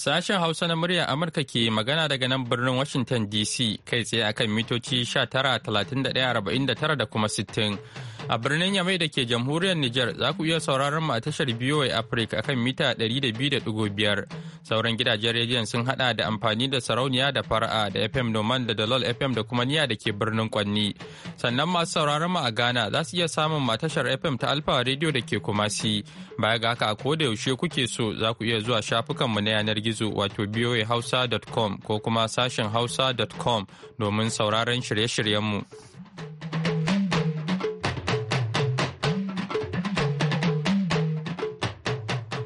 Sashen Hausa na muryar Amurka ke magana daga nan birnin Washington DC kai tsaye akan mitoci 19, 31, 49 da kuma 60. A birnin Yamai da ke jamhuriyar Nijar za ku iya sauraron mu a tashar BOA Africa akan mita ɗari da da biyu biyar Sauran gidajen rediyon sun haɗa da amfani da sarauniya da fara'a da FM Noman da Dalol FM da kuma niya da ke birnin Kwanni. Sannan masu sauraron mu a Ghana za su iya samun ma tashar FM ta Alfa rediyo da ke Kumasi. Baya ga haka a da yaushe kuke so za ku iya zuwa shafukan mu na yanar gizo wato hausa boahausa.com ko kuma sashen com domin sauraron shirye shiryen mu.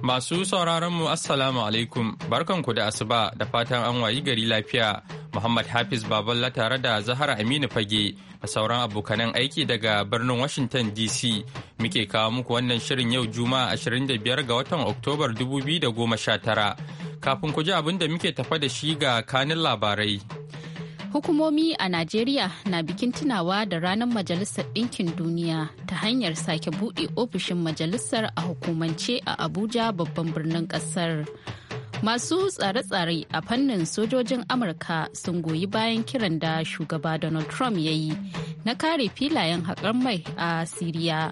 Masu sauraronmu Assalamu alaikum, barkanku da asuba da fatan an wayi gari lafiya. Muhammad Hafiz Baballa tare da Zahara Aminu Fage da sauran abokanan aiki daga birnin Washington DC muke kawo muku wannan shirin yau Juma'a 25 ga watan Oktobar 2019. Kafin ku ji abin da muke tafa da shi ga kanin labarai. Hukumomi a Najeriya na bikin tunawa da ranar Majalisar Ɗinkin Duniya ta hanyar sake buɗe ofishin majalisar a hukumance a Abuja babban birnin ƙasar. Masu tsare-tsare a fannin sojojin Amurka sun goyi bayan kiran da shugaba Donald Trump ya yi na kare filayen haƙar mai a Siriya.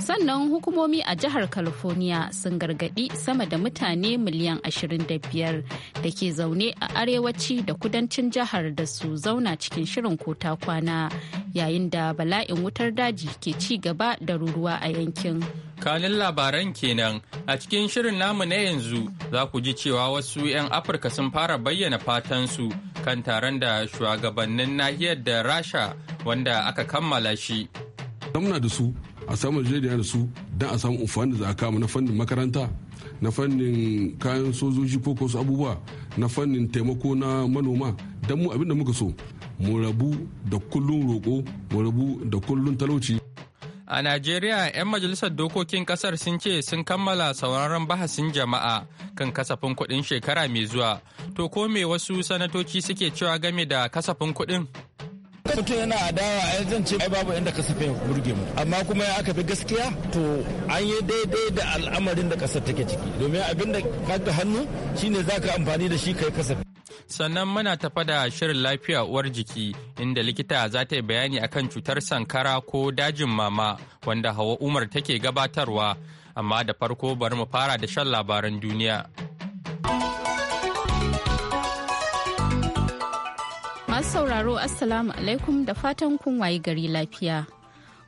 sannan hukumomi a jihar california sun gargadi sama da mutane miliyan 25 da ke zaune a arewaci da kudancin jihar da su zauna cikin shirin kota kwana yayin da bala'in wutar daji ke ci gaba da ruruwa a yankin kanin labaran kenan a cikin shirin namu na yanzu za ku ji cewa wasu 'yan afirka sun fara bayyana fatansu kan taron da shugabannin nahiyar da rasha wanda aka kammala shi. a samu yarjejeniya da su don a samu amfani za a kama na fannin makaranta na fannin kayan sojoji ko wasu abubuwa na fannin taimako na manoma don mu abinda muka so mu rabu da kullun roƙo mu rabu da kullun talauci a najeriya 'yan majalisar dokokin kasar sun ce sun kammala sauraron bahasin jama'a kan kasafin kuɗin shekara mai zuwa to ko me wasu sanatoci suke cewa game da kasafin kuɗin mutum yana adawa ai zan ce ai babu inda kasafin burge mu amma kuma ya aka fi gaskiya to an yi daidai da al'amarin da kasar take ciki domin abin da ka hannu shine zaka amfani da shi kai kasafi sannan muna tafa da shirin lafiya uwar jiki inda likita za ta yi bayani akan cutar sankara ko dajin mama wanda hawa umar take gabatarwa amma da farko bari mu fara da shan labaran duniya. Masu sauraro Assalamu alaikum da fatan kun waye gari lafiya.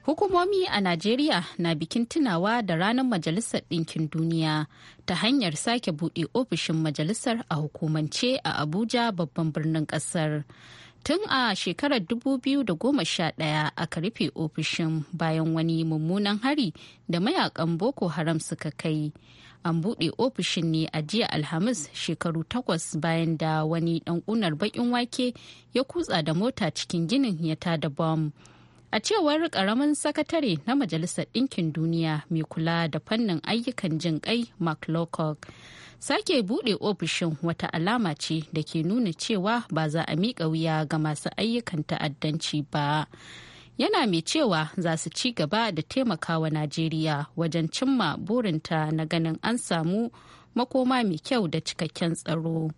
Hukumomi a Najeriya na bikin tunawa da ranar Majalisar Ɗinkin Duniya ta hanyar sake buɗe ofishin majalisar a hukumance a Abuja babban birnin ƙasar. Tun a shekarar 2011 aka rufe ofishin bayan wani mummunan hari da mayakan Boko Haram suka kai. an buɗe ofishin ne a jiya alhamis shekaru takwas bayan da wani ɗan ƙunar baƙin wake ya kutsa da mota cikin ginin ya ta da bom a cewar ƙaramin sakatare na majalisar ɗinkin duniya mai kula da fannin ayyukan jin ƙai mark lowcock sake buɗe ofishin wata alama ce da ke nuna cewa ba za a miƙa wuya ga masu ayyukan ta'addanci ba. yana mai cewa za su ci gaba da taimakawa najeriya wajen cimma burinta na ganin an samu makoma mai kyau da cikakken tsaro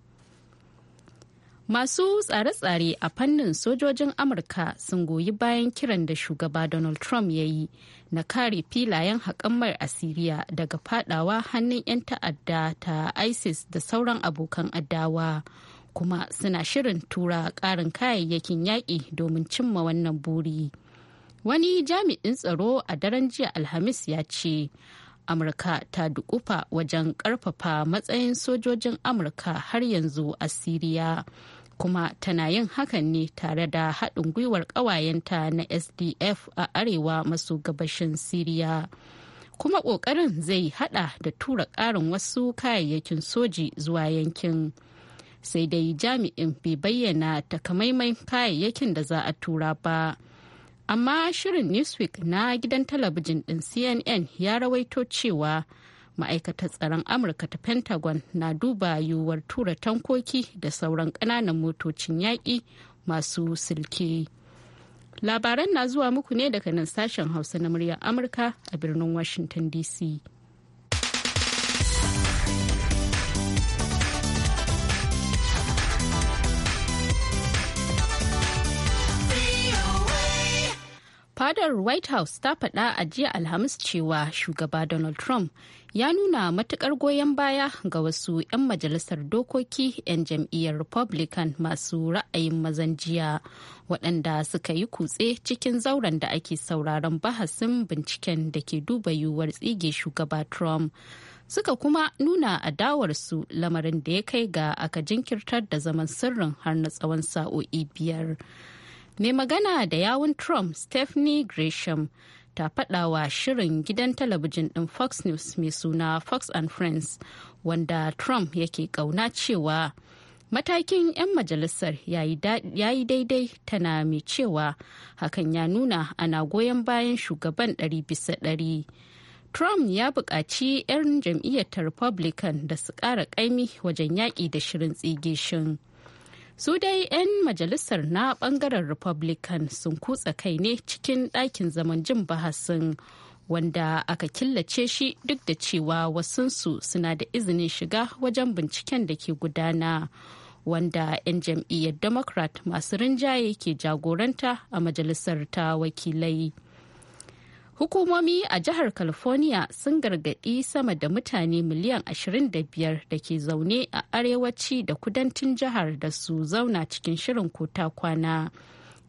masu tsare-tsare a fannin sojojin amurka sun goyi bayan kiran da shugaba donald trump ya yi na kare filayen haƙammar asiriya daga fadawa hannun 'yan ta'adda ta isis da sauran abokan adawa. kuma suna shirin tura ƙarin kayayyakin yaƙi domin cimma wannan buri. Wani jami'in tsaro a daren jiya Alhamis ya ce, Amurka ta dukufa wajen ƙarfafa matsayin sojojin Amurka har yanzu a Siriya. kuma tana yin hakan ne tare da haɗin gwiwar ƙawayenta na sdf a arewa maso gabashin siriya kuma ƙoƙarin zai haɗa da tura ƙarin wasu kayayyakin soji zuwa yankin sai dai jami'in bai bayyana takamaiman kayayyakin da za a tura ba. Amma shirin Newsweek na gidan talabijin ɗin CNN ya rawaito cewa ma'aikatar tsaron amurka ta pentagon na duba yiwuwar tura tankoki da sauran ƙananan motocin yaƙi masu silke labaran na zuwa muku ne daga nan sashen hausa na muryar amurka a birnin washington dc Fadar White House ta faɗa a jiya Alhamis cewa shugaba Donald Trump ya nuna matukar goyon baya ga wasu 'yan majalisar dokoki 'yan jam'iyyar Republican masu ra'ayin mazan jiya waɗanda suka yi kutse cikin zauren da ake sauraron bahasin binciken da ke duba yiwuwar tsige shugaba Trump. Suka kuma nuna adawarsu lamarin da ya kai ga aka jinkirtar da zaman sirrin har na tsawon sa'o'i biyar. mai magana da yawun trump stephanie gresham ta faɗawa shirin gidan talabijin ɗin fox news mai suna fox and friends wanda trump yake ƙauna cewa matakin 'yan majalisar ya yi daidai tana mai cewa hakan ya nuna ana goyon bayan shugaban ɗari bisa ɗari trump ya buƙaci 'yan jam'iyyar republican da su ƙara ƙaimi wajen yaƙi da shirin tsigishin. su dai 'yan majalisar na bangaren republican sun kutsa kai ne cikin ɗakin zaman jin bahasin wanda aka killace shi duk da cewa wasunsu suna da izinin shiga wajen binciken da ke gudana wanda 'yan jam'iyyar democrat masu rinjaye ke jagoranta a majalisar ta wakilai. Hukumomi a jihar California sun gargaɗi sama da mutane miliyan 25 da ke zaune a arewaci da kudancin jihar da su zauna cikin shirin kota kwana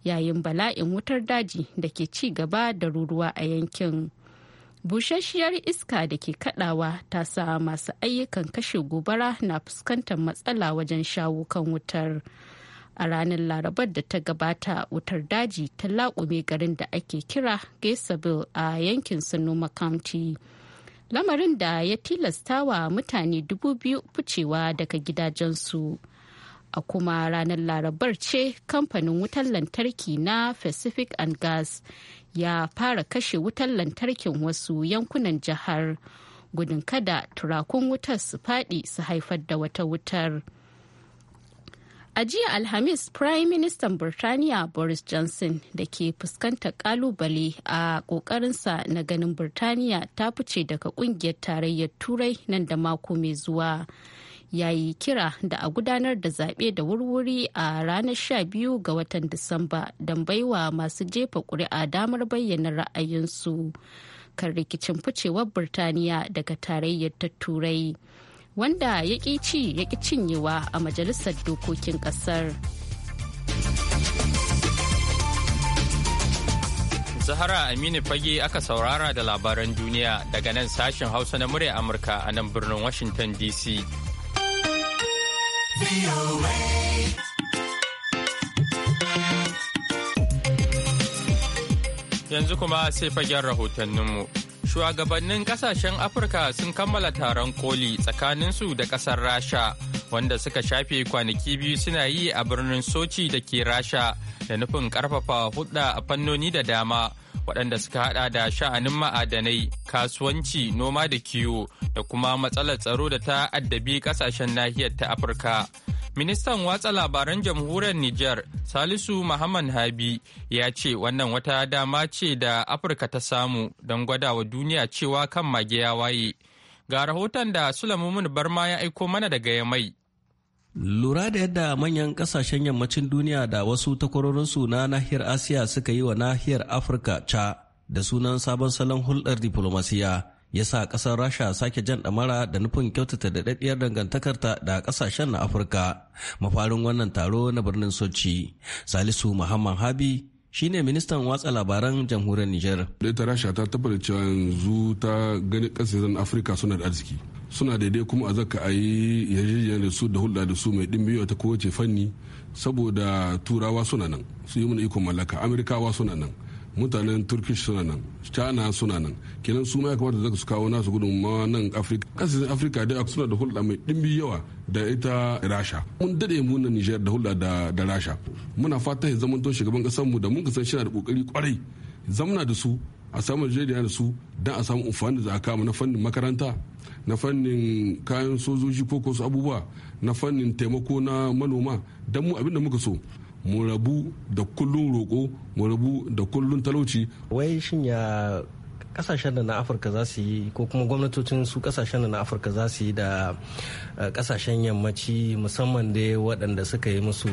yayin bala'in wutar daji da ke ci gaba da ruruwa a yankin. Bushasshiyar iska da ke kadawa ta sa masu ayyukan kashe gobara na fuskantar matsala wajen shawo kan wutar. a ranar larabar da ta gabata wutar daji ta laƙume garin da ake kira gaisabil a yankin sonoma county lamarin da ya tilasta wa mutane dubu biyu ficewa daga gidajensu a kuma ranar larabar ce kamfanin wutar lantarki na pacific and gas ya fara kashe wutar lantarkin wasu yankunan jihar gudun kada turakun wutar su faɗi su haifar da wata wutar. A jiya Alhamis, Prime Minister Birtaniya Boris Johnson da ke fuskantar kalubale a kokarinsa na ganin Birtaniya ta fice daga kungiyar tarayyar Turai nan da mako mai zuwa. Ya yi kira da a gudanar da zaɓe da wurwuri a ranar 12 ga watan Disamba don baiwa masu jefa ƙuri'a damar bayyana ra'ayinsu kan rikicin ficewar Birtaniya daga tarayyar ta Turai. wanda ya ƙi ci ya ƙi cinyewa a majalisar dokokin ƙasar. Zahara Aminu Fage aka saurara da labaran duniya daga nan sashen Hausa na murya Amurka a nan birnin Washington DC. Yanzu kuma sai fagen rahotanninmu. shugabannin kasashen afirka sun kammala taron koli tsakaninsu da ƙasar rasha wanda suka shafe kwanaki biyu suna yi a birnin sochi da ke rasha da nufin karfafa hudda a fannoni da dama waɗanda suka haɗa da sha'anin ma'adanai kasuwanci noma da kiwo da kuma matsalar tsaro da ta addabi ƙasashen nahiyar ta afirka Ministan watsa labaran jamhuriyar Nijar Salisu Muhammad Habi ya ce wannan wata dama ce da Afirka ta samu don gwadawa duniya cewa kan mage ya waye. Ga rahoton da sulamumin Barma ya aiko mana daga Yamai. Lura da yadda manyan kasashen yammacin duniya da wasu takwarorinsu na nahiyar Asiya suka yi wa nahiyar Afirka ca da sunan sabon salon hulɗar diflomasiya ya sa ƙasar rasha sake jan ɗamara da nufin kyautata daɗaɗɗiyar dangantakarta da ƙasashen na afirka mafarin wannan taro na birnin sochi salisu muhammad habi shi ne ministan watsa labaran jamhuriyar niger. Da ta Rasha ta tabbata cewa yanzu ta gani kasashen Afirka suna da arziki. Suna daidai kuma a zaka a yi yarjejiyar da su da hulɗa da su mai ɗimbi ta kowace fanni saboda turawa suna nan su yi mana ikon mallaka Amerikawa suna nan. mutanen turkish suna nan china suna nan kenan su ma ya kamata su kawo nasu gudunmawa nan afirka kasashen afirka da suna da hulɗa mai ɗimbi yawa da ita rasha mun dade mu na niger da hulɗa da rasha muna fata ya zamanto shugaban kasar mu da mun kasan shi da kokari kwarai zamna da su a samu yarjejeniya da su don a samu amfani da aka a kama na fannin makaranta na fannin kayan sojoji ko su abubuwa na fannin taimako na manoma don mu abinda muka so mu rabu da kullun roƙo mu rabu da kullun talauci wai shin ya kasashen da na afirka za su yi ko kuma gwamnatocin su kasashen da na afirka za su yi da kasashen eh, yammaci musamman da waɗanda suka yi musu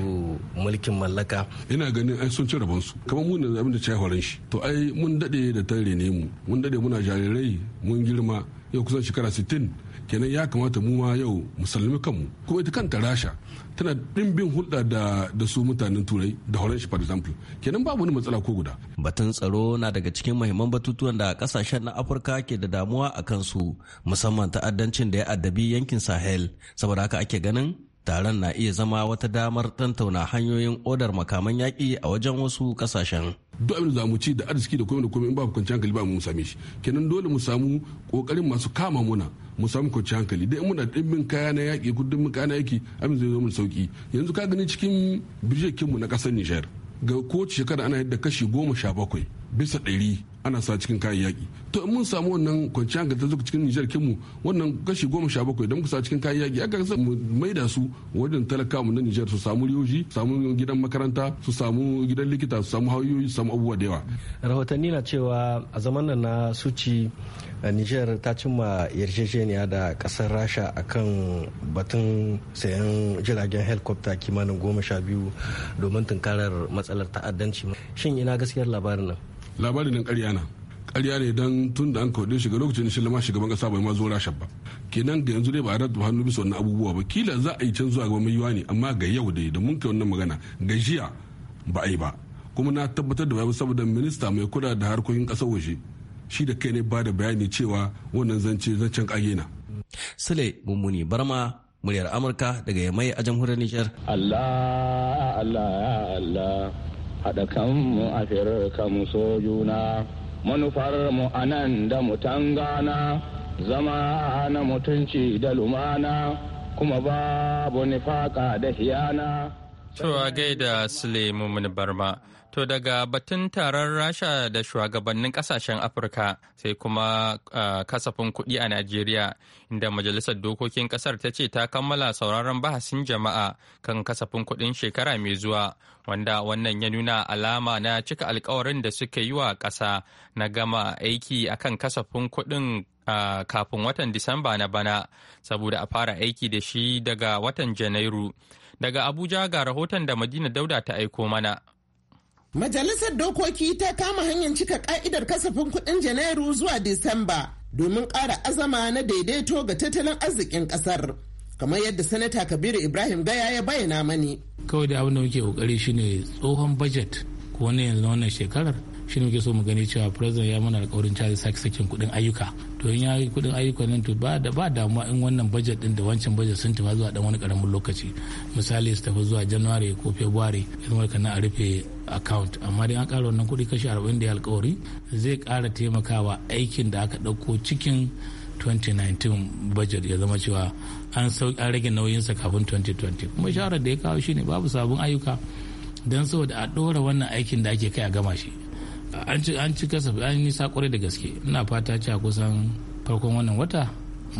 mulkin mallaka ina ganin ai sun ci rabonsu kamar mun da abin da ci horon shi to ai mun daɗe da tare ne mu mun daɗe muna jarirai mun girma yau kusan shekara sittin. kenan ya kamata mu ma yau musulmi kanmu kuma ita kanta rasha tana ɗimbin hulɗa da da su mutanen turai da horan shi for example kenan babu wani matsala ko guda batun tsaro na daga cikin mahimman batutuwan da kasashen na afirka ke da damuwa a kansu musamman ta'addancin da ya addabi yankin sahel saboda haka ake ganin taron na iya zama wata damar tantauna hanyoyin odar makaman yaƙi a wajen wasu kasashen. duk abin da zamu ci da arziki da komai da komai in ba kwanciyar hankali ba mu same shi kenan dole mu samu ƙoƙarin masu kama muna mu samu kwanci hankali dai muna ɗimbin kaya na yaƙi kudin kaya na yaƙi abin zai zo mun sauki yanzu ka gani cikin birjekinmu na ƙasar nijar ga kowace shekara ana yadda kashi goma sha bakwai bisa ɗari ana sa cikin kayan yaƙi to mun samu wannan kwanciyar hankali ta cikin nijar kinmu wannan kashi goma sha bakwai don kusa cikin kayan aka kasa mu maida su wajen talaka mu na nijar su samu riyoji su samu gidan makaranta su samu gidan likita su samu hauyoyi su samu abubuwa da yawa. rahotanni na cewa a zaman nan na suci nijar ta cimma yarjejeniya da kasar rasha akan batun sayan jiragen helikwafta kimanin goma sha biyu domin tunkarar matsalar ta'addanci shin ina gaskiyar labarin nan labarin nan ƙarya na ƙarya ne don tun da an kawo shiga lokacin shi lama shugaban kasa bai ma zo rasha ba kenan ga yanzu dai ba a rattu hannu bisa wannan abubuwa ba kila za a yi can zuwa gaba maiwa ne amma ga yau dai da mun kai wannan magana ga jiya ba a yi ba kuma na tabbatar da bayan saboda minista mai kula da harkokin ƙasar waje shi da kai ne ba da bayani cewa wannan zance zancen ƙage na. Sule Mummuni Barma muryar Amurka daga Yamai a jamhuriyar Nijar. Allah Allah Allah haɗa mu a firar mu so juna manufar mu anan da mu tangana zama na mutunci da lumana kuma babu nifaka da hiyana. Cewa gaida Suleiman Barma. To daga batun taron Rasha da shugabannin kasashen Afirka sai kuma kasafin kuɗi a Najeriya inda Majalisar Dokokin Ƙasar ta ce ta kammala sauraron bahasin jama'a kan kasafin kuɗin shekara mai zuwa wanda wannan ya nuna alama na cika alkawarin da suka yi wa ƙasa na gama aiki akan kasafin kuɗin kafin watan Disamba na bana saboda a fara aiki da shi daga watan Janairu. Daga Abuja ga rahoton da Madina Dauda ta aiko mana. Majalisar Dokoki ta kama hanyar cika ka'idar kasafin kuɗin Janairu zuwa Disamba domin ƙara azama na daidaito ga tattalin arzikin ƙasar. Kamar yadda Sanata Kabiru Ibrahim Gaya ya bayyana mani. Kawai da abin da muke kokari shine tsohon bajet ko wani yanzu wannan shekarar shi muke so mu gani cewa president ya mana alkawarin caji sake sakin kuɗin ayyuka to in ya yi kuɗin ayyuka nan to ba da ba damuwa in wannan budget din da wancan budget sun tafi zuwa dan wani karamin lokaci misali su tafi zuwa january ko february irin kana a rufe account amma dai an ƙara wannan kuɗi kashi 40 da ya alkawari zai ƙara taimakawa aikin da aka ɗauko cikin 2019 budget ya zama cewa an rage nauyinsa kafin 2020 kuma shawarar da ya kawo shine babu sabon ayyuka don saboda a ɗora wannan aikin da ake kai a gama shi an ci kasa an nisa kwarai da gaske ina fata cewa kusan farkon wannan wata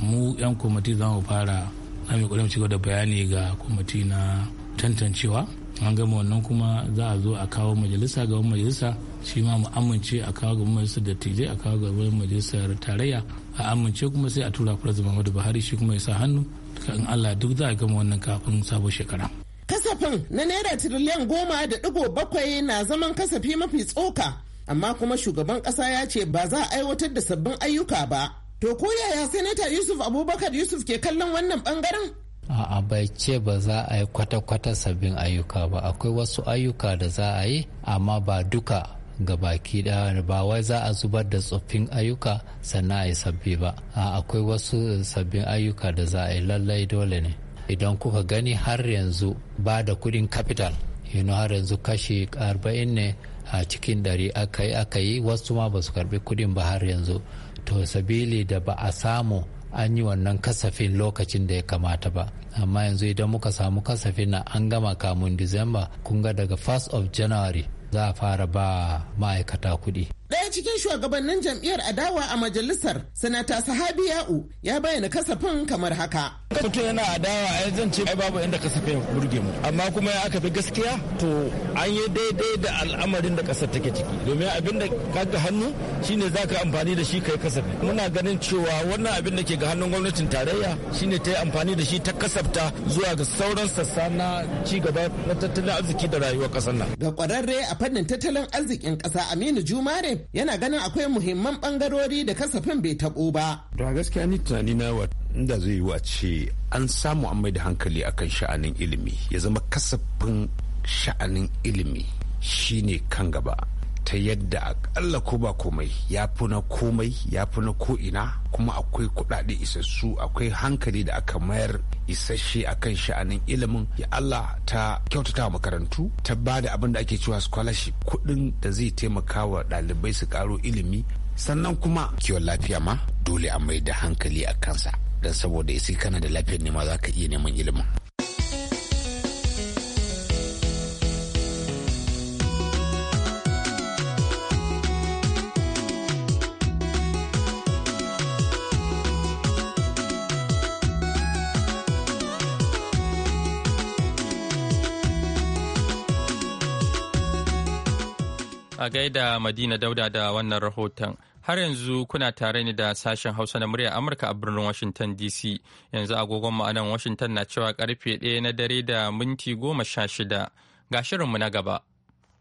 mu yan kwamiti za mu fara mai mu ci da bayani ga kwamiti na tantancewa an gama wannan kuma za a zo a kawo majalisa gaban majalisa shi ma mu amince a kawo gaban majalisar dattijai a kawo gaban majalisar tarayya a amince kuma sai a tura kura zama buhari shi kuma ya sa hannu in allah duk za a gama wannan kafin sabon shekara kasafin na naira tiriliyan goma da digo bakwai na zaman kasafi mafi tsoka amma kuma shugaban kasa ya ce ba za a aiwatar da sabbin ayyuka ba to ko yaya yusuf abubakar yusuf ke kallon wannan bangaren A'a bai ce ba za a yi kwata-kwata sabbin ayyuka ba akwai wasu ayyuka da za a yi amma ba duka ga baki ɗaya ba wai za a zubar da tsoffin ayyuka sannan a yi sabbi ba akwai wasu sabbin ayyuka da za a yi lallai dole ne idan kuka gani har yanzu ba da kudin capital yano har yanzu kashi 40 ne a cikin ɗari aka yi aka yi wasu ma ba su karbi kudin ba har yanzu to sabili da ba a samu an yi wannan kasafin lokacin da ya kamata ba amma yanzu idan muka samu kasafin na an gama kamun disamba kun ga daga 1st of january za a fara ba ma'aikata kuɗi daya cikin shugabannin jam'iyyar adawa a majalisar, Sanata Sahabi Ya'u ya bayyana kasafin kamar haka. Kasafin yana adawa a zan ce babu inda kasafin ya burge mu. Amma kuma ya aka fi gaskiya to an yi daidai da al'amarin da ƙasar take ciki. Domin abin da kaga hannu shine za ka amfani da shi kai kasafin. Muna ganin cewa wannan abin da ke ga hannun gwamnatin tarayya shine ta yi amfani da shi ta kasafta zuwa ga sauran sassa na ci gaba na tattalin arziki da rayuwar kasar nan. Ga kwararre a fannin tattalin arzikin kasa Aminu Jumare yana ganin akwai muhimman bangarori da kasafin bai taɓo ba. da gaskiya ni tunani na inda zai yi ce an samu an mai da hankali akan sha'anin ilimi ya zama kasafin sha'anin ilimi shine kan gaba ta yadda akalla ko ba komai ya fi na komai ya fi na ko'ina kuma akwai kuɗaɗe isassu akwai hankali da aka mayar isasshe akan sha'anin ilimin ya Allah ta kyautata makarantu ta ba da abin da ake cewa scholarship kuɗin da zai taimaka wa ɗalibai su ƙaro ilimi sannan kuma kiwon lafiya ma dole a mai da hankali a kansa don saboda isi kana da lafiyar nema za ka iya neman ilimin A gaida Madina Dauda da wannan rahoton. Har yanzu kuna tare ne da sashen Hausa na murya Amurka a birnin Washington DC. Yanzu agogon ma'anan Washington na cewa karfe 1 na dare da minti goma sha shida. Ga shirinmu na gaba.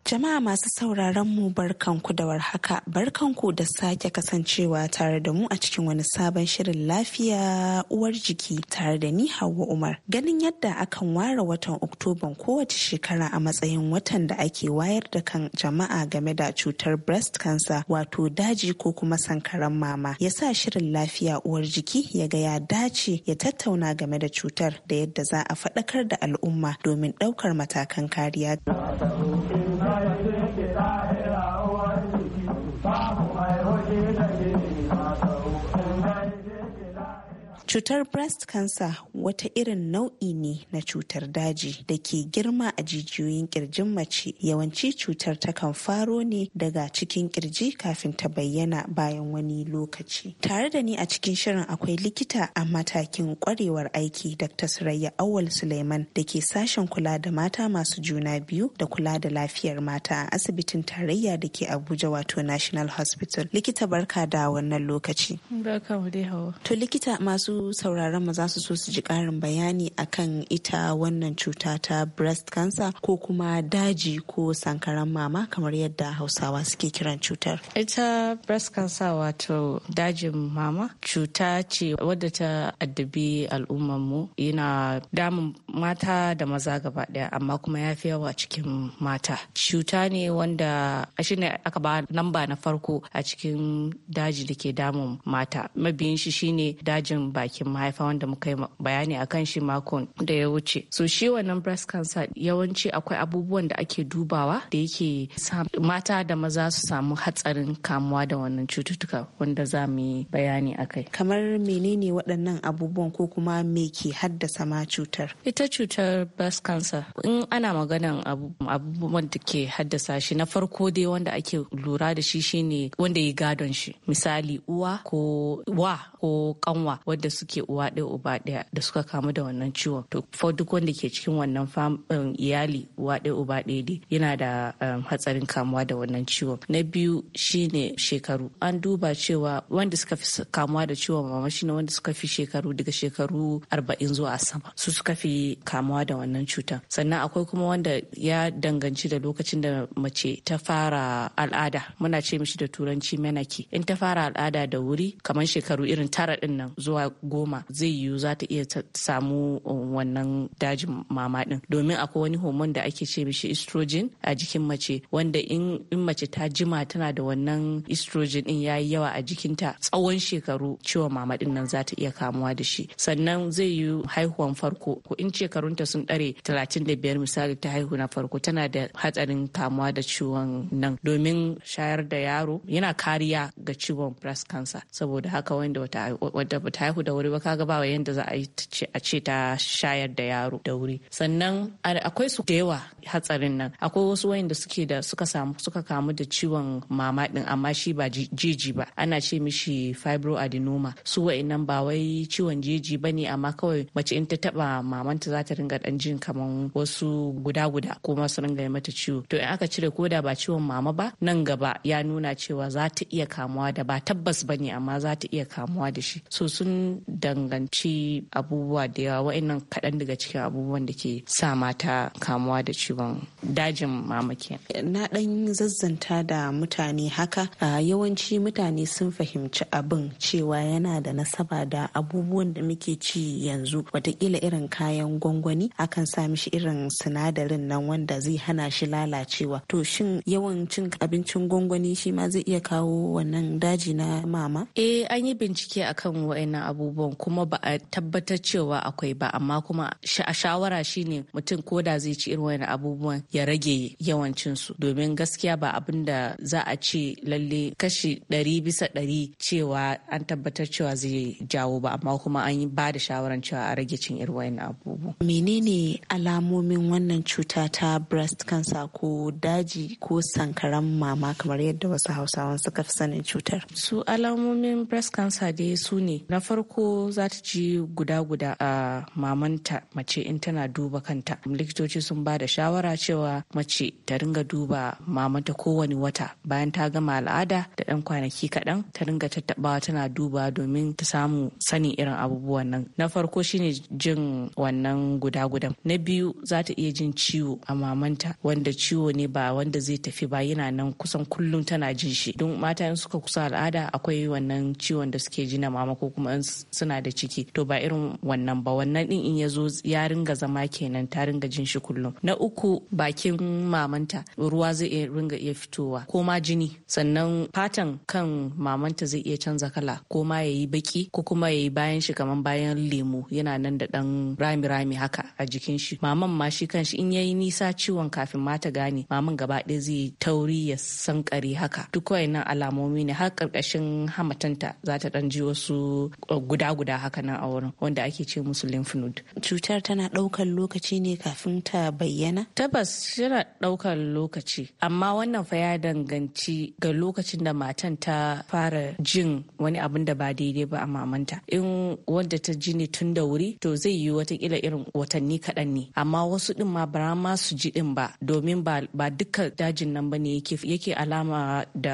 Jama'a masu sauraron mu barkanku da warhaka barkanku da sake kasancewa tare da mu a cikin wani sabon shirin lafiya uwar jiki tare da ni Hauwa Umar. Ganin yadda akan ware watan Oktoban kowace shekara a matsayin watan da ake wayar da kan jama'a game da cutar breast cancer wato daji ko kuma sankaran mama. Ya sa shirin lafiya uwar jiki ya ga ya dace ya tattauna game da cutar da yadda za a faɗakar da al'umma domin ɗaukar matakan kariya. vai se sentar Cutar breast cancer wata irin nau'i ne na cutar daji da ke girma a jijiyoyin kirjin mace yawanci cutar ta kan faro ne daga cikin kirji kafin ta bayyana bayan wani lokaci. Tare da ni a cikin shirin akwai likita a matakin kwarewar aiki Dr. Surayya Awal Suleiman da ke sashen kula da mata masu juna biyu da kula da lafiyar mata a asibitin tarayya da ke Abuja wato National Hospital. Likita barka da wannan lokaci. To likita masu sauraron mu za su so su ji ƙarin bayani akan ita wannan cuta ta breast cancer ko kuma daji ko sankaran mama kamar yadda hausawa suke kiran cutar. Ita breast cancer wato dajin mama cuta ce wadda ta addabi mu. yana damun mata da maza gaba daya amma kuma ya fi yawa cikin mata. Cuta ne wanda shi ne aka ba namba na farko a cikin daji da ke damun mata. Mabiyin shi shine dajin baki bakin mahaifa wanda muka yi bayani a kan shi makon da ya wuce so shi wannan breast cancer yawanci akwai abubuwan da ake dubawa da yake mata da maza su samu hatsarin kamuwa da wannan cututtuka wanda za mu yi bayani a kai kamar menene waɗannan abubuwan ko kuma me ke haddasa ma cutar ita cutar breast cancer in ana maganan abubuwan da ke haddasa shi na farko dai wanda ake lura da shi shine wanda ya gadon shi misali uwa ko wa ko kanwa wadda suke uwa ɗaya uba ɗaya da suka kamu da wannan ciwon to fa duk wanda ke cikin wannan um, iyali uwa ɗaya uba ɗaya dai yana da um, hatsarin kamuwa da wannan ciwon na biyu shine shekaru an duba cewa wanda suka fi kamuwa da ciwon mama shine wanda suka fi shekaru daga shekaru arba'in zuwa sama su suka fi kamuwa da wannan cutan sannan akwai kuma wanda ya danganci da lokacin da mace ta fara al'ada muna ce mishi da turanci menaki in ta fara al'ada da wuri kamar shekaru irin tara din nan zuwa goma zai yiwu za ta iya samu um, wannan dajin mama din domin akwai wani homon da ake ce mishi estrogen a jikin mace wanda in mace ta jima tana da wannan estrogen din yayi yawa a jikinta tsawon shekaru ciwon mama din nan za ta iya kamuwa da shi sannan zai yi haihuwan farko ko in shekarunta sun dare 35 misali ta haihu na farko tana da hatsarin kamuwa da ciwon nan domin shayar da yaro yana kariya ga ciwon breast cancer saboda haka wanda wata bata wadda ta haihu da wuri ba kaga ba yanda za a yi a ce ta shayar da yaro da wuri sannan akwai su da yawa hatsarin nan akwai wasu wayanda suke da suka samu suka kamu da ciwon mama din amma shi ba jeji ba ana ce mishi fibroadenoma su wayannan ba wai ciwon jeji bane amma kawai mace in ta taba mamanta za ta ringa dan jin kaman wasu guda guda kuma su ringa mata ciwo to in aka cire ko da ba ciwon mama ba nan gaba ya nuna cewa za ta iya kamuwa da ba tabbas bane amma za ta iya kamuwa da shi so sun danganci abubuwa da yawa wa'annan kaɗan daga cikin abubuwan da ke sa mata kamuwa da ciwon dajin mamaki na ɗan zazzanta da mutane haka yawanci mutane sun fahimci abin cewa yana da nasaba da abubuwan da muke ci yanzu watakila irin kayan gwangwani akan sa mishi irin sinadarin nan wanda zai hana shi lalacewa to shin yawancin abincin gwangwani shi ma zai iya kawo wannan daji na mama eh an yi bincike a akan wa'annan abubuwan kuma ba a tabbatar cewa akwai ba amma kuma a shawara shine mutum ko da zai ci irin wa'annan abubuwan ya rage yawancin su domin gaskiya ba abin da za a ce lalle kashi ɗari bisa ɗari cewa an tabbatar cewa zai jawo ba amma kuma an yi ba da shawaran cewa a rage cin irin wa'annan abubuwan. Menene alamomin wannan cuta ta breast cancer ko daji ko sankaran mama kamar yadda wasu hausawan suka fi sanin cutar? Su alamomin breast cancer dai iyaye su ne na farko za ta ji guda-guda a mamanta mace in tana duba kanta likitoci sun ba da shawara cewa mace ta ringa duba mamanta kowane wata bayan ta gama al'ada da ɗan kwanaki kaɗan ta ringa tattabawa tana duba domin ta samu sanin irin abubuwan nan na farko shine jin wannan guda-gudan na biyu za ta iya jin ciwo a mamanta wanda ciwo ne ba wanda zai tafi ba yana nan kusan kullum tana jin shi don mata in suka kusa al'ada akwai wannan ciwon da suke jin na mama ko kuma suna da ciki to ba irin wannan ba wannan din in ya zo ya ringa zama kenan ta ringa jin shi kullum na uku bakin mamanta ruwa zai iya ringa iya fitowa ko ma jini sannan fatan kan mamanta zai iya canza kala ko ma yayi baki ko kuma yayi bayan shi kaman bayan lemu yana nan da dan rami rami haka a jikin shi maman ma shi kanshi in yayi nisa ciwon kafin ma ta gane maman gaba ɗaya zai tauri ya sankare haka duk wayannan alamomi ne har karkashin hamatanta za ta dan jiwo wasu guda-guda uh, haka nan a wurin wanda ake ce musu lymph node. Cutar tana ɗaukar lokaci ne kafin ta bayyana? Tabbas tana ɗaukar lokaci amma wannan fa ya danganci ga lokacin da matan ta fara jin wani abin da ba daidai ba a mamanta. In wanda ta ji ne tun da wuri to zai yi watakila irin watanni kaɗan ne amma wasu ɗin ma ba ma su ji ɗin ba domin ba duka dajin nan ba ne yake alama da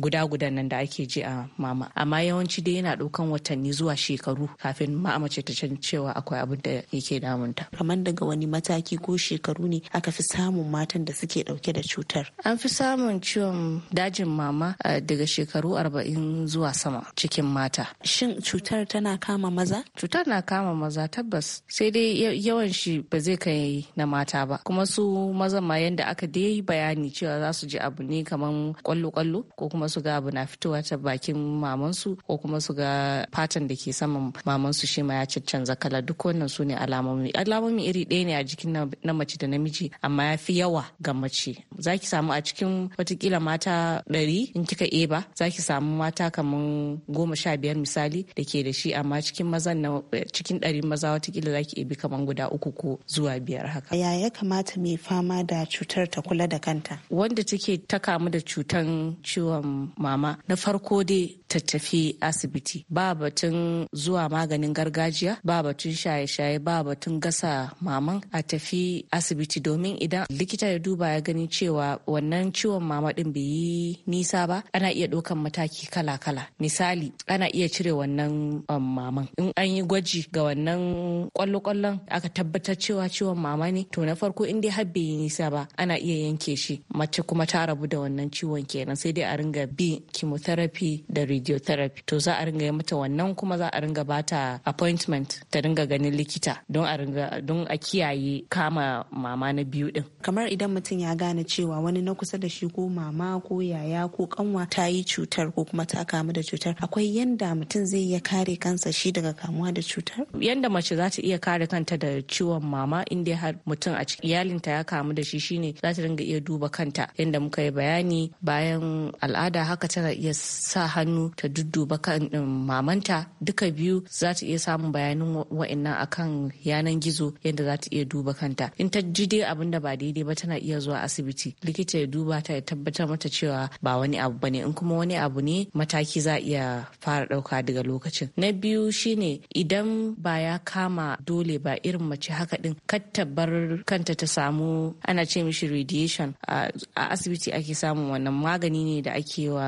guda-gudan nan da ake ji a mama amma yawanci dai dai yana ɗaukan watanni zuwa shekaru kafin ma mace ta can cewa akwai abin da yake damunta. Kamar daga wani mataki ko shekaru ne aka fi samun matan da suke ɗauke da cutar. An fi samun ciwon dajin mama daga shekaru arba'in zuwa sama cikin mata. Shin cutar tana kama maza? Cutar na kama maza tabbas sai dai yawan shi ba zai kai na mata ba. Kuma su maza ma yanda aka dai bayani cewa za su ji abu ne kamar kwallo-kwallo ko kuma su ga abu na fitowa ta bakin mamansu ko kuma su ga fatan da ke saman maman su shi ya canza kala duk wannan su ne alamomi alamomi iri ɗaya ne a jikin na mace da namiji amma ya fi yawa ga mace za ki samu a cikin watakila mata ɗari in kika eba za ki samu mata kamar goma sha biyar misali da ke da shi amma cikin mazan na cikin ɗari maza watakila za ki ebi kamar guda uku ko zuwa biyar haka. Ya ya kamata mai fama da cutar ta kula da kanta? Wanda take ta kamu da cutan ciwon mama na farko dai ta tafi asibiti. asibiti ba batun zuwa maganin gargajiya ba batun shaye-shaye ba batun gasa maman a tafi asibiti domin idan likita ya duba ya gani cewa wannan ciwon mama din bai yi nisa ba ana iya ɗaukan mataki kala-kala misali ana iya cire wannan um, maman in an yi gwaji ga wannan kwallo-kwallon aka tabbatar cewa ciwon mama ne to na farko in dai har bai yi nisa ba ana iya yanke shi mace kuma ta rabu da wannan ciwon kenan sai dai a ringa bi chemotherapy da radiotherapy to za a ringa yi mata wannan kuma za a ringa bata appointment ta ringa ganin likita don a ringa don a kiyaye kama mama na biyu din kamar idan mutum ya gane cewa wani na kusa da shi ko mama ko yaya ko kanwa ta yi cutar ko kuma ta kamu da cutar akwai yanda mutum zai iya kare kansa shi daga kamuwa da cutar yanda mace za ta iya kare kanta da ciwon mama inda dai har mutum a cikin iyalinta ya kamu da shi shine za ta ringa iya duba kanta yanda muka yi bayani bayan al'ada haka tana iya sa hannu ta dudduba kan din mamanta duka biyu za ta iya samun bayanin wa'annan akan yanan gizo yadda za ta iya duba kanta in ta ji dai abin da ba daidai ba tana iya zuwa asibiti likita ya duba ta ya tabbatar mata cewa ba wani abu bane in kuma wani abu ne mataki za iya fara ɗauka daga lokacin na biyu shine idan ba ya kama dole ba irin mace haka din kattabar kanta ta samu ana ce mishi radiation a asibiti ake samun wannan magani ne da ake wa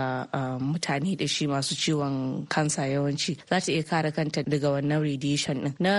mutane da shi masu ciwon kansa yawanci za ta iya kare kanta daga wannan radiation din na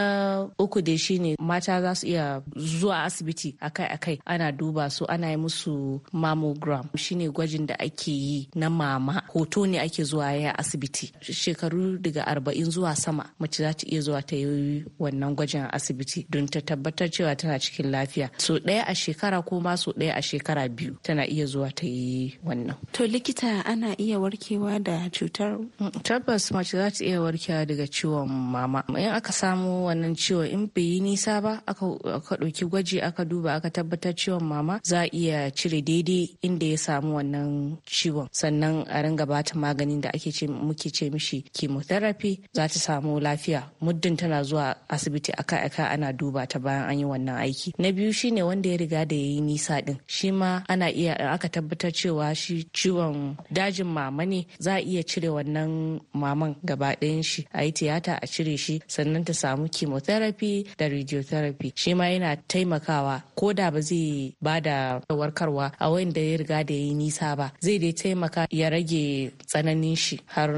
uku dai shine mata za su iya zuwa asibiti akai-akai ana duba su ana yi musu mammogram shine gwajin da ake yi na mama hoto ne ake zuwa ya asibiti shekaru daga arba'in zuwa sama mace za ta iya zuwa ta yi wannan gwajin a asibiti don ta tabbatar cewa tana cikin lafiya so ɗaya a shekara ko ma so ɗaya a shekara biyu tana iya zuwa ta yi wannan to likita ana iya warkewa da cutar mm, tabbas tabbas ce za ta iya warkewa daga ciwon mama in aka samu wannan ciwon in bai yi nisa ba aka ɗauki gwaji aka duba aka tabbatar ciwon mama za a iya cire daidai inda ya samu wannan ciwon sannan a ringa bata maganin da ake ce muke ce mishi chemotherapy za ta samu lafiya muddin tana zuwa asibiti akai-akai ana duba ta bayan an yi wannan aiki na biyu shine wanda ya riga da ya yi nisa din shi ma ana iya aka tabbatar cewa shi ciwon dajin mama ne za a iya cire wannan mama man gaba ɗayan shi a yi tiyata a cire shi sannan ta samu chemotherapy da radiotherapy shi ma yana taimakawa ko da ba zai ba da warkarwa a wayan da ya riga da ya yi nisa ba zai dai taimaka ya rage tsananin shi har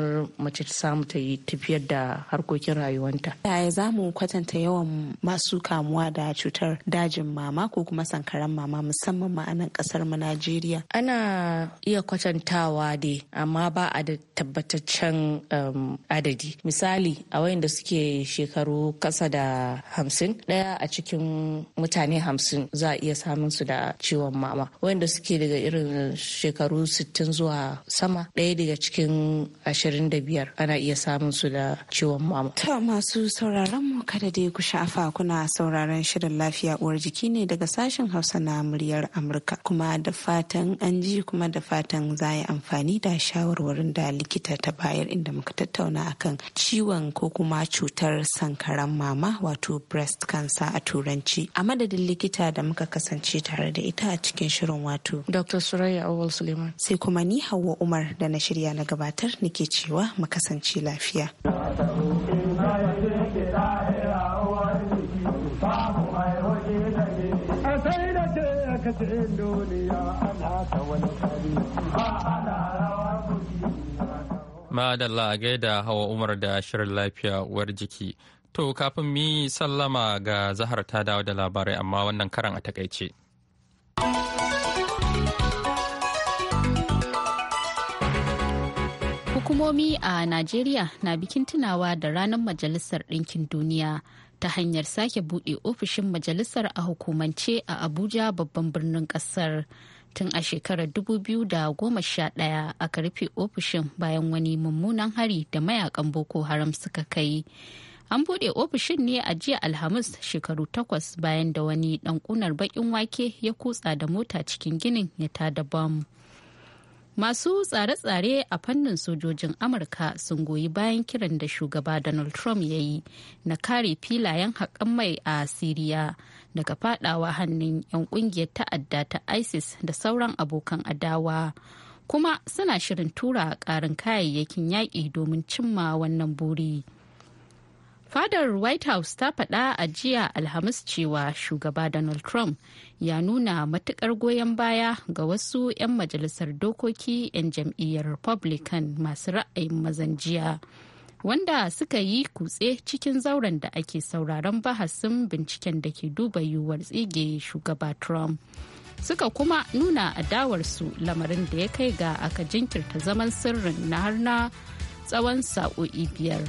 mace ta samu ta yi tafiyar da harkokin rayuwanta yaya za mu kwatanta yawan masu kamuwa da cutar dajin mama ko kuma sankaran mama musamman ma anan kasar mu Najeriya ana iya kwatantawa dai amma ba a da tabbataccen um, adadi misali a wayanda suke shekaru kasa da hamsin daya a cikin mutane hamsin za a iya samun su da ciwon mama wayanda suke daga irin shekaru sittin zuwa sama daya daga cikin ashirin da biyar ana iya samun su da ciwon mama ta masu sauraron mu kada dai ku sha'afa kuna sauraron shirin lafiya uwar jiki ne daga sashen hausa na muryar amurka kuma da fatan an ji kuma da fatan za yi amfani da shawarwarin da likita ta bayar inda muka muka tattauna akan ciwon ko kuma cutar sankaran mama wato breast cancer a turanci a madadin likita da muka kasance tare da ita a cikin shirin wato dr suraya awal suleiman sai kuma ni hawa umar da na shirya na gabatar nake cewa mu kasance lafiya duniya ana ta wani kari ba ana rawa kuɗi Madalla a gaida hawa Umar da shirin lafiya uwar jiki. To kafin mi sallama ga Zahar ta dawo da labarai amma wannan karan a takaice. Hukumomi a Najeriya na bikin tunawa da ranar Majalisar Ɗinkin Duniya ta hanyar sake buɗe ofishin majalisar a hukumance a Abuja babban birnin ƙasar. tun a shekarar 2011 aka rufe ofishin bayan wani mummunan hari da mayakan boko haram suka kai an bude ofishin ne a jiya alhamis shekaru takwas bayan da wani ɗan kunar baƙin wake ya kutsa da mota cikin ginin ya tada bom Masu tsare-tsare a fannin sojojin Amurka sun goyi bayan kiran da shugaba Donald Trump ya yi na kare filayen haƙan mai a Siriya daga fadawa hannun 'yan ƙungiyar ta'adda ta ISIS da sauran abokan adawa. Kuma suna shirin tura ƙarin kayayyakin yaƙi domin cimma wannan buri. Fadar White House ta faɗa a jiya Alhamis cewa shugaba Donald Trump ya nuna matukar goyon baya ga wasu 'yan majalisar dokoki 'yan jam'iyyar Republican masu ra'ayin mazan jiya. Wanda suka yi kutse cikin zauren da ake sauraron bahasin binciken da ke duba yiwuwar tsige shugaba Trump. Suka kuma nuna adawarsu lamarin da ya kai ga aka jinkirta zaman sirrin na har na tsawon sa'o'i biyar.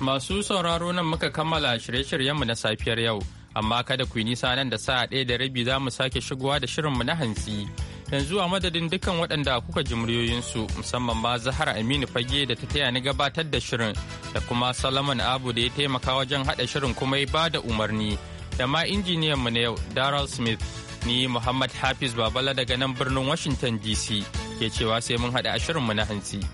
Masu sauraro nan muka kammala shirye-shiryenmu na safiyar yau, amma kada ku yi nisa nan da sa'a ɗaya da rabi za mu sake shigowa da shirinmu na hantsi. Yanzu a madadin dukkan waɗanda kuka ji muryoyinsu musamman ma Zahara Aminu Fage da ta taya ni gabatar da shirin da kuma salaman Abu da ya taimaka wajen haɗa shirin kuma ya da umarni da ma injiniyanmu na yau Daryl Smith ni Muhammad Hafiz Babala daga nan birnin Washington DC ke cewa sai mun haɗa a shirinmu na hantsi.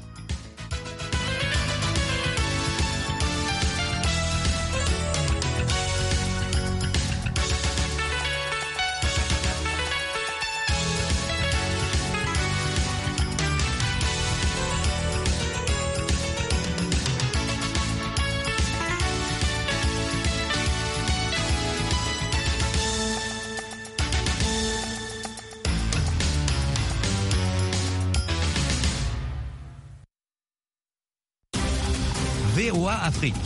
Afrique.